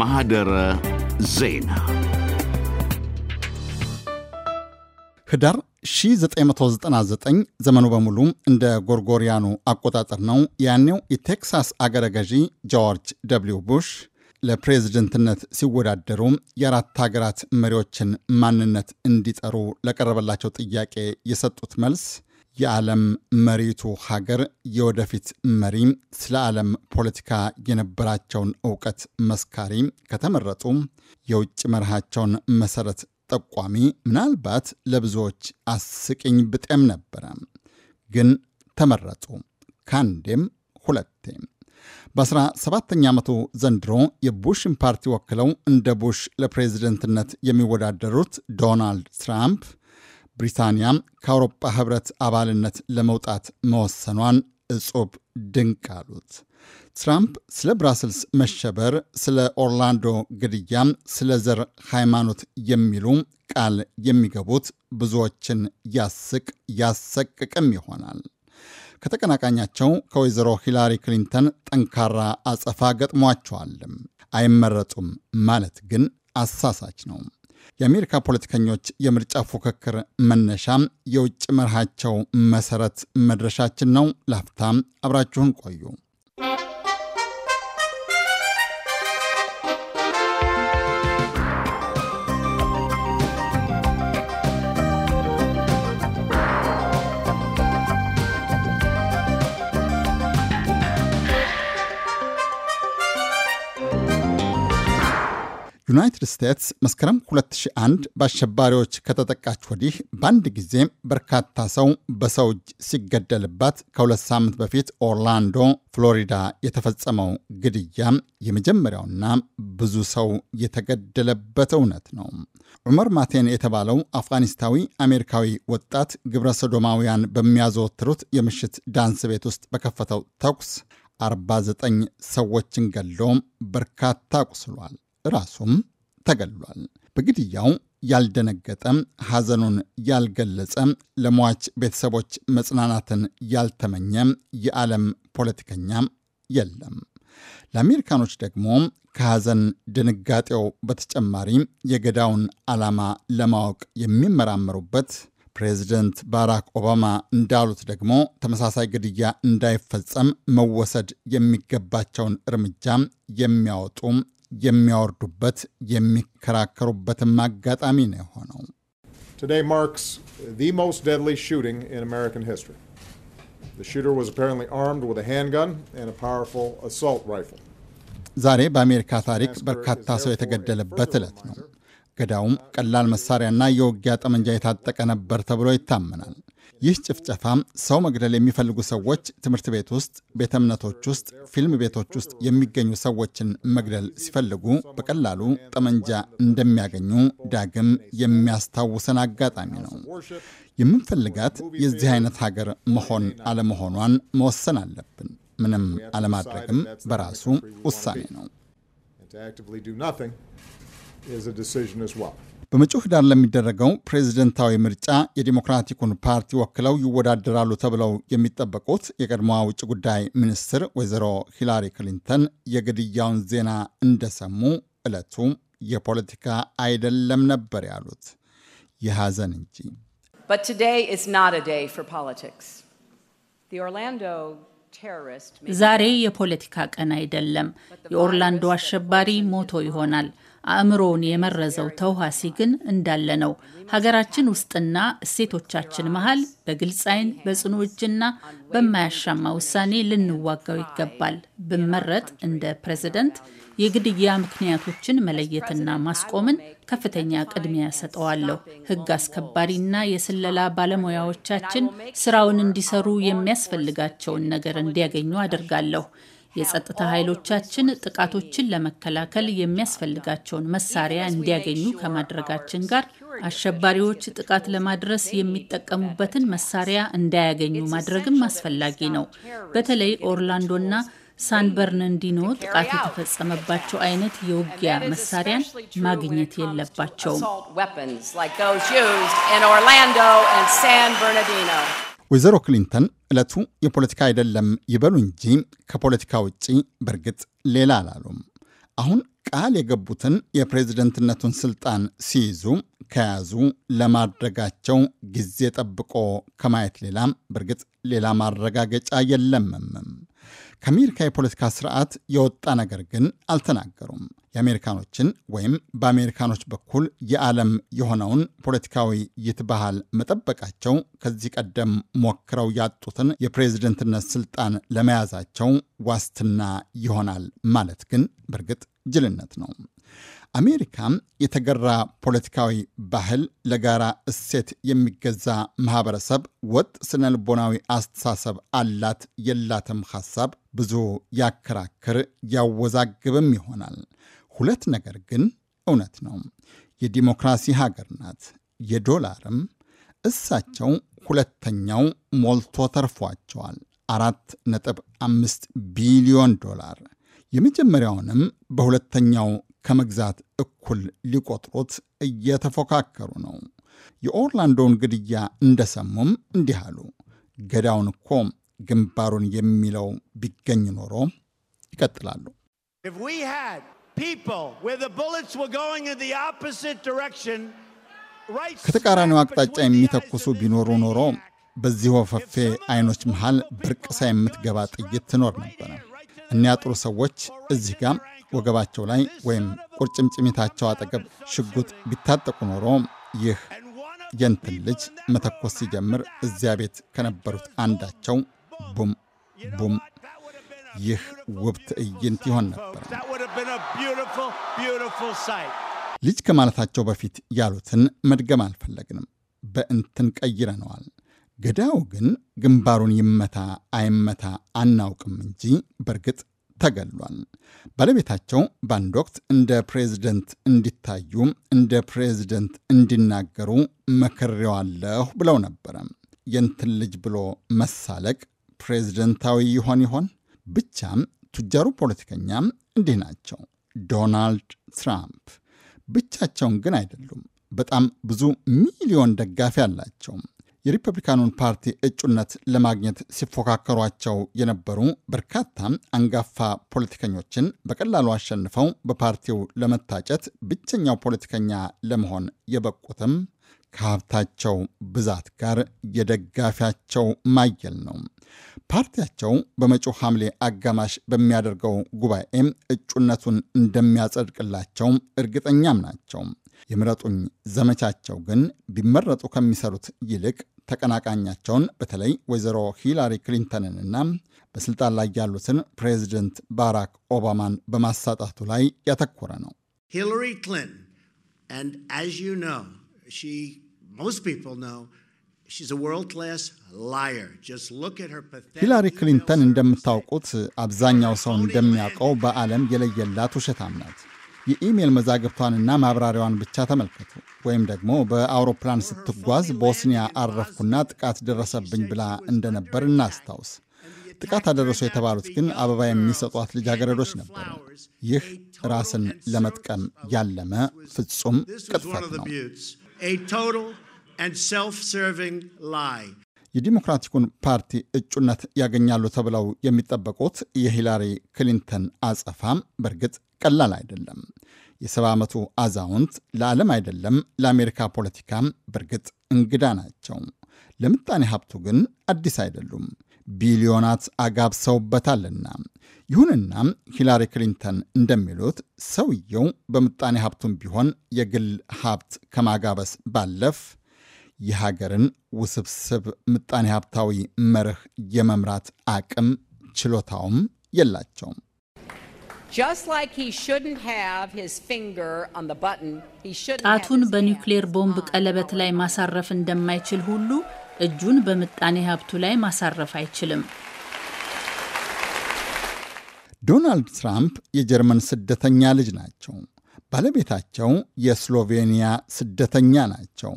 ማህደረ ዜና ህዳር 1999 ዘመኑ በሙሉ እንደ ጎርጎሪያኑ አቆጣጠር ነው። ያኔው የቴክሳስ አገረ ገዢ ጆርጅ ደብሊው ቡሽ ለፕሬዝደንትነት ሲወዳደሩ የአራት ሀገራት መሪዎችን ማንነት እንዲጠሩ ለቀረበላቸው ጥያቄ የሰጡት መልስ የዓለም መሪቱ ሀገር የወደፊት መሪ ስለ ዓለም ፖለቲካ የነበራቸውን እውቀት መስካሪ ከተመረጡ የውጭ መርሃቸውን መሰረት ጠቋሚ ምናልባት ለብዙዎች አስቂኝ ብጤም ነበረ። ግን ተመረጡ ከአንዴም ሁለቴም። 17 ዓመቱ ዘንድሮ የቡሽን ፓርቲ ወክለው እንደ ቡሽ ለፕሬዝደንትነት የሚወዳደሩት ዶናልድ ትራምፕ ብሪታንያ ከአውሮፓ ህብረት አባልነት ለመውጣት መወሰኗን እጹብ ድንቅ አሉት። ትራምፕ ስለ ብራስልስ መሸበር፣ ስለ ኦርላንዶ ግድያም፣ ስለ ዘር ሃይማኖት የሚሉ ቃል የሚገቡት ብዙዎችን ያስቅ ያሰቅቅም ይሆናል። ከተቀናቃኛቸው ከወይዘሮ ሂላሪ ክሊንተን ጠንካራ አጸፋ ገጥሟቸዋልም። አይመረጡም ማለት ግን አሳሳች ነው። የአሜሪካ ፖለቲከኞች የምርጫ ፉክክር መነሻም የውጭ መርሃቸው መሰረት መድረሻችን ነው። ላፍታም አብራችሁን ቆዩ። ዩናይትድ ስቴትስ መስከረም 2001 በአሸባሪዎች ከተጠቃች ወዲህ በአንድ ጊዜ በርካታ ሰው በሰው እጅ ሲገደልባት ከሁለት ሳምንት በፊት ኦርላንዶ ፍሎሪዳ የተፈጸመው ግድያ የመጀመሪያውና ብዙ ሰው የተገደለበት እውነት ነው። ዑመር ማቴን የተባለው አፍጋኒስታዊ አሜሪካዊ ወጣት ግብረ ሶዶማውያን በሚያዘወትሩት የምሽት ዳንስ ቤት ውስጥ በከፈተው ተኩስ 49 ሰዎችን ገሎም በርካታ ቁስሏል። ራሱም ተገልሏል። በግድያው ያልደነገጠ ሐዘኑን ያልገለጸ ለሟች ቤተሰቦች መጽናናትን ያልተመኘ የዓለም ፖለቲከኛ የለም። ለአሜሪካኖች ደግሞ ከሐዘን ድንጋጤው በተጨማሪ የገዳውን ዓላማ ለማወቅ የሚመራመሩበት ፕሬዚደንት ባራክ ኦባማ እንዳሉት ደግሞ ተመሳሳይ ግድያ እንዳይፈጸም መወሰድ የሚገባቸውን እርምጃ የሚያወጡ የሚያወርዱበት የሚከራከሩበትም አጋጣሚ ነው የሆነው። Today marks the most deadly shooting in American history. The shooter was apparently armed with a handgun and a powerful assault rifle. ዛሬ በአሜሪካ ታሪክ በርካታ ሰው የተገደለበት ዕለት ነው። ገዳውም ቀላል መሳሪያና የውጊያ ጠመንጃ የታጠቀ ነበር ተብሎ ይታመናል። ይህ ጭፍጨፋ ሰው መግደል የሚፈልጉ ሰዎች ትምህርት ቤት ውስጥ፣ ቤተ እምነቶች ውስጥ፣ ፊልም ቤቶች ውስጥ የሚገኙ ሰዎችን መግደል ሲፈልጉ በቀላሉ ጠመንጃ እንደሚያገኙ ዳግም የሚያስታውሰን አጋጣሚ ነው። የምንፈልጋት የዚህ አይነት ሀገር መሆን አለመሆኗን መወሰን አለብን። ምንም አለማድረግም በራሱ ውሳኔ ነው። በመጪው ህዳር ለሚደረገው ፕሬዝደንታዊ ምርጫ የዲሞክራቲኩን ፓርቲ ወክለው ይወዳደራሉ ተብለው የሚጠበቁት የቀድሞዋ ውጭ ጉዳይ ሚኒስትር ወይዘሮ ሂላሪ ክሊንተን የግድያውን ዜና እንደሰሙ ዕለቱ የፖለቲካ አይደለም ነበር ያሉት፣ የሐዘን እንጂ። ዛሬ የፖለቲካ ቀን አይደለም። የኦርላንዶ አሸባሪ ሞቶ ይሆናል። አእምሮውን የመረዘው ተውሃሲ ግን እንዳለ ነው። ሀገራችን ውስጥና እሴቶቻችን መሀል በግልጽ አይን በጽኑ እጅና በማያሻማ ውሳኔ ልንዋጋው ይገባል። ብመረጥ እንደ ፕሬዝደንት የግድያ ምክንያቶችን መለየትና ማስቆምን ከፍተኛ ቅድሚያ ሰጠዋለሁ። ሕግ አስከባሪና የስለላ ባለሙያዎቻችን ስራውን እንዲሰሩ የሚያስፈልጋቸውን ነገር እንዲያገኙ አድርጋለሁ። የጸጥታ ኃይሎቻችን ጥቃቶችን ለመከላከል የሚያስፈልጋቸውን መሳሪያ እንዲያገኙ ከማድረጋችን ጋር አሸባሪዎች ጥቃት ለማድረስ የሚጠቀሙበትን መሳሪያ እንዳያገኙ ማድረግም አስፈላጊ ነው። በተለይ ኦርላንዶና ሳን በርናንዲኖ ጥቃት የተፈጸመባቸው አይነት የውጊያ መሳሪያን ማግኘት የለባቸውም። ወይዘሮ ክሊንተን ዕለቱ የፖለቲካ አይደለም ይበሉ እንጂ ከፖለቲካ ውጪ በእርግጥ ሌላ አላሉም። አሁን ቃል የገቡትን የፕሬዝደንትነቱን ስልጣን ሲይዙ ከያዙ ለማድረጋቸው ጊዜ ጠብቆ ከማየት ሌላም በእርግጥ ሌላ ማረጋገጫ የለምም። ከአሜሪካ የፖለቲካ ስርዓት የወጣ ነገር ግን አልተናገሩም። የአሜሪካኖችን ወይም በአሜሪካኖች በኩል የዓለም የሆነውን ፖለቲካዊ ባህል መጠበቃቸው ከዚህ ቀደም ሞክረው ያጡትን የፕሬዝደንትነት ስልጣን ለመያዛቸው ዋስትና ይሆናል ማለት ግን በእርግጥ ጅልነት ነው። አሜሪካ የተገራ ፖለቲካዊ ባህል፣ ለጋራ እሴት የሚገዛ ማህበረሰብ፣ ወጥ ስነልቦናዊ አስተሳሰብ አላት የላትም ሐሳብ ብዙ ያከራክር ያወዛግብም ይሆናል። ሁለት ነገር ግን እውነት ነው። የዲሞክራሲ ሀገር ናት፣ የዶላርም። እሳቸው ሁለተኛው ሞልቶ ተርፏቸዋል፣ አራት ነጥብ አምስት ቢሊዮን ዶላር። የመጀመሪያውንም በሁለተኛው ከመግዛት እኩል ሊቆጥሩት እየተፎካከሩ ነው። የኦርላንዶውን ግድያ እንደሰሙም እንዲህ አሉ። ገዳውን እኮ ግንባሩን የሚለው ቢገኝ ኖሮ ይቀጥላሉ። ከተቃራኒው አቅጣጫ የሚተኩሱ ቢኖሩ ኖሮ በዚህ ወፈፌ አይኖች መሃል ብርቅሳ የምትገባ ጥይት ትኖር ነበረ። እኒያ ጥሩ ሰዎች እዚህ ጋር ወገባቸው ላይ ወይም ቁርጭምጭሚታቸው አጠገብ ሽጉጥ ቢታጠቁ ኖሮ ይህ የንትን ልጅ መተኮስ ሲጀምር እዚያ ቤት ከነበሩት አንዳቸው ቡም ቡም ይህ ውብ ትዕይንት ይሆን ነበር። ልጅ ከማለታቸው በፊት ያሉትን መድገም አልፈለግንም፣ በእንትን ቀይረነዋል። ገዳው ግን ግንባሩን ይመታ አይመታ አናውቅም እንጂ በእርግጥ ተገሏል። ባለቤታቸው በአንድ ወቅት እንደ ፕሬዝደንት እንዲታዩ፣ እንደ ፕሬዝደንት እንዲናገሩ መክሬዋለሁ ብለው ነበረ። የእንትን ልጅ ብሎ መሳለቅ ፕሬዝደንታዊ ይሆን ይሆን? ብቻም ቱጃሩ ፖለቲከኛም እንዲህ ናቸው። ዶናልድ ትራምፕ ብቻቸውን ግን አይደሉም። በጣም ብዙ ሚሊዮን ደጋፊ አላቸው። የሪፐብሊካኑን ፓርቲ እጩነት ለማግኘት ሲፎካከሯቸው የነበሩ በርካታ አንጋፋ ፖለቲከኞችን በቀላሉ አሸንፈው በፓርቲው ለመታጨት ብቸኛው ፖለቲከኛ ለመሆን የበቁትም ከሀብታቸው ብዛት ጋር የደጋፊያቸው ማየል ነው። ፓርቲያቸው በመጪው ሐምሌ አጋማሽ በሚያደርገው ጉባኤም እጩነቱን እንደሚያጸድቅላቸው እርግጠኛም ናቸው። የምረጡኝ ዘመቻቸው ግን ቢመረጡ ከሚሰሩት ይልቅ ተቀናቃኛቸውን በተለይ ወይዘሮ ሂላሪ ክሊንተንንና በስልጣን ላይ ያሉትን ፕሬዚደንት ባራክ ኦባማን በማሳጣቱ ላይ ያተኮረ ነው። ሂላሪ ክሊንተን she, most people know, ሂላሪ ክሊንተን እንደምታውቁት አብዛኛው ሰው እንደሚያውቀው በዓለም የለየላት ውሸታም ናት። የኢሜል መዛግብቷንና ማብራሪያዋን ብቻ ተመልከቱ። ወይም ደግሞ በአውሮፕላን ስትጓዝ ቦስኒያ አረፍኩና ጥቃት ደረሰብኝ ብላ እንደነበር እናስታውስ። ጥቃት አደረሱ የተባሉት ግን አበባ የሚሰጧት ልጃገረዶች ነበሩ። ይህ ራስን ለመጥቀም ያለመ ፍጹም ቅጥፈት ነው። a total and self-serving lie. የዲሞክራቲኩን ፓርቲ እጩነት ያገኛሉ ተብለው የሚጠበቁት የሂላሪ ክሊንተን አጸፋም በእርግጥ ቀላል አይደለም። የሰባ ዓመቱ አዛውንት ለዓለም አይደለም ለአሜሪካ ፖለቲካም በእርግጥ እንግዳ ናቸው። ለምጣኔ ሀብቱ ግን አዲስ አይደሉም። ቢሊዮናት አጋብሰውበታልና። ይሁንና ሂላሪ ክሊንተን እንደሚሉት ሰውየው በምጣኔ ሀብቱም ቢሆን የግል ሀብት ከማጋበስ ባለፍ የሀገርን ውስብስብ ምጣኔ ሀብታዊ መርህ የመምራት አቅም ችሎታውም የላቸውም። ጣቱን በኒውክሌር ቦምብ ቀለበት ላይ ማሳረፍ እንደማይችል ሁሉ እጁን በምጣኔ ሀብቱ ላይ ማሳረፍ አይችልም። ዶናልድ ትራምፕ የጀርመን ስደተኛ ልጅ ናቸው። ባለቤታቸው የስሎቬኒያ ስደተኛ ናቸው።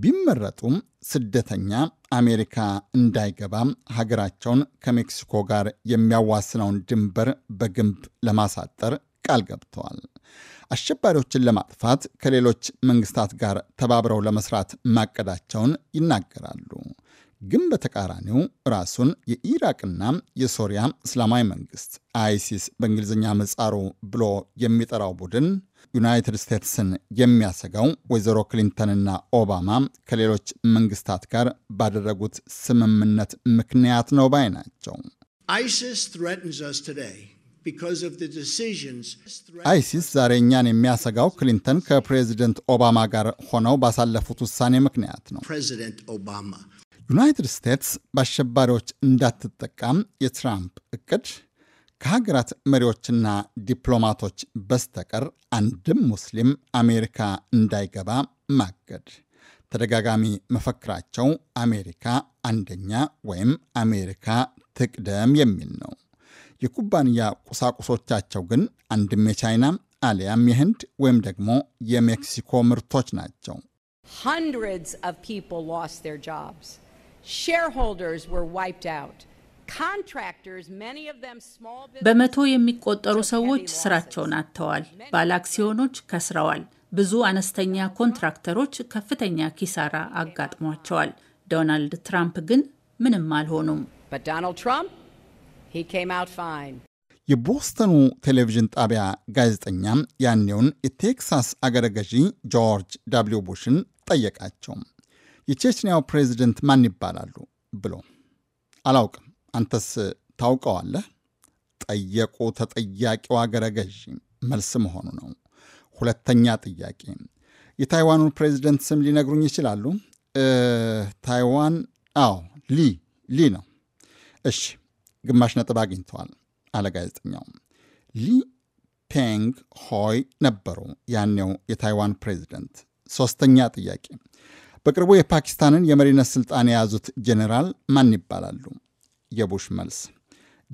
ቢመረጡም ስደተኛ አሜሪካ እንዳይገባም ሀገራቸውን ከሜክሲኮ ጋር የሚያዋስነውን ድንበር በግንብ ለማሳጠር ቃል ገብተዋል። አሸባሪዎችን ለማጥፋት ከሌሎች መንግስታት ጋር ተባብረው ለመስራት ማቀዳቸውን ይናገራሉ። ግን በተቃራኒው ራሱን የኢራቅና የሶሪያ እስላማዊ መንግስት አይሲስ በእንግሊዝኛ ምጻሩ ብሎ የሚጠራው ቡድን ዩናይትድ ስቴትስን የሚያሰጋው ወይዘሮ ክሊንተንና ኦባማ ከሌሎች መንግስታት ጋር ባደረጉት ስምምነት ምክንያት ነው ባይ ናቸው። አይሲስ አይሲስ ዛሬ እኛን የሚያሰጋው ክሊንተን ከፕሬዚደንት ኦባማ ጋር ሆነው ባሳለፉት ውሳኔ ምክንያት ነው። ዩናይትድ ስቴትስ በአሸባሪዎች እንዳትጠቃም የትራምፕ እቅድ ከሀገራት መሪዎችና ዲፕሎማቶች በስተቀር አንድም ሙስሊም አሜሪካ እንዳይገባ ማገድ ተደጋጋሚ መፈክራቸው አሜሪካ አንደኛ ወይም አሜሪካ ትቅደም የሚል ነው። የኩባንያ ቁሳቁሶቻቸው ግን አንድም የቻይና አሊያም የህንድ ወይም ደግሞ የሜክሲኮ ምርቶች ናቸው። በመቶ የሚቆጠሩ ሰዎች ስራቸውን አጥተዋል። ባለአክሲዮኖች ከስረዋል። ብዙ አነስተኛ ኮንትራክተሮች ከፍተኛ ኪሳራ አጋጥሟቸዋል። ዶናልድ ትራምፕ ግን ምንም አልሆኑም። የቦስተኑ ቴሌቪዥን ጣቢያ ጋዜጠኛም ያኔውን የቴክሳስ አገረ ገዢ ጆርጅ ዳብሊው ቡሽን ጠየቃቸው። የቼችንያው ፕሬዚደንት ማን ይባላሉ ብሎ አላውቅም፣ አንተስ ታውቀዋለህ? ጠየቁ ተጠያቂው አገረ ገዢ መልስ መሆኑ ነው። ሁለተኛ ጥያቄ የታይዋኑን ፕሬዚደንት ስም ሊነግሩኝ ይችላሉ? ታይዋን፣ አዎ ሊ ሊ ነው። እሺ ግማሽ ነጥብ አግኝተዋል አለ ጋዜጠኛው። ሊ ፔንግ ሆይ ነበሩ ያኔው የታይዋን ፕሬዚደንት። ሶስተኛ ጥያቄ በቅርቡ የፓኪስታንን የመሪነት ስልጣን የያዙት ጄኔራል ማን ይባላሉ? የቡሽ መልስ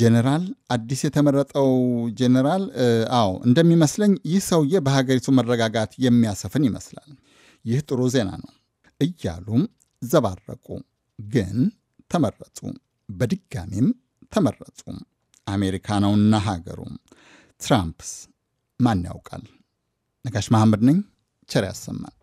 ጄኔራል አዲስ የተመረጠው ጄኔራል፣ አዎ እንደሚመስለኝ ይህ ሰውዬ በሀገሪቱ መረጋጋት የሚያሰፍን ይመስላል። ይህ ጥሩ ዜና ነው እያሉም ዘባረቁ። ግን ተመረጡ። በድጋሚም ተመረጡ። አሜሪካ ነውና ሀገሩ። ትራምፕስ ማን ያውቃል? ነጋሽ መሐመድ ነኝ። ቸር ያሰማል።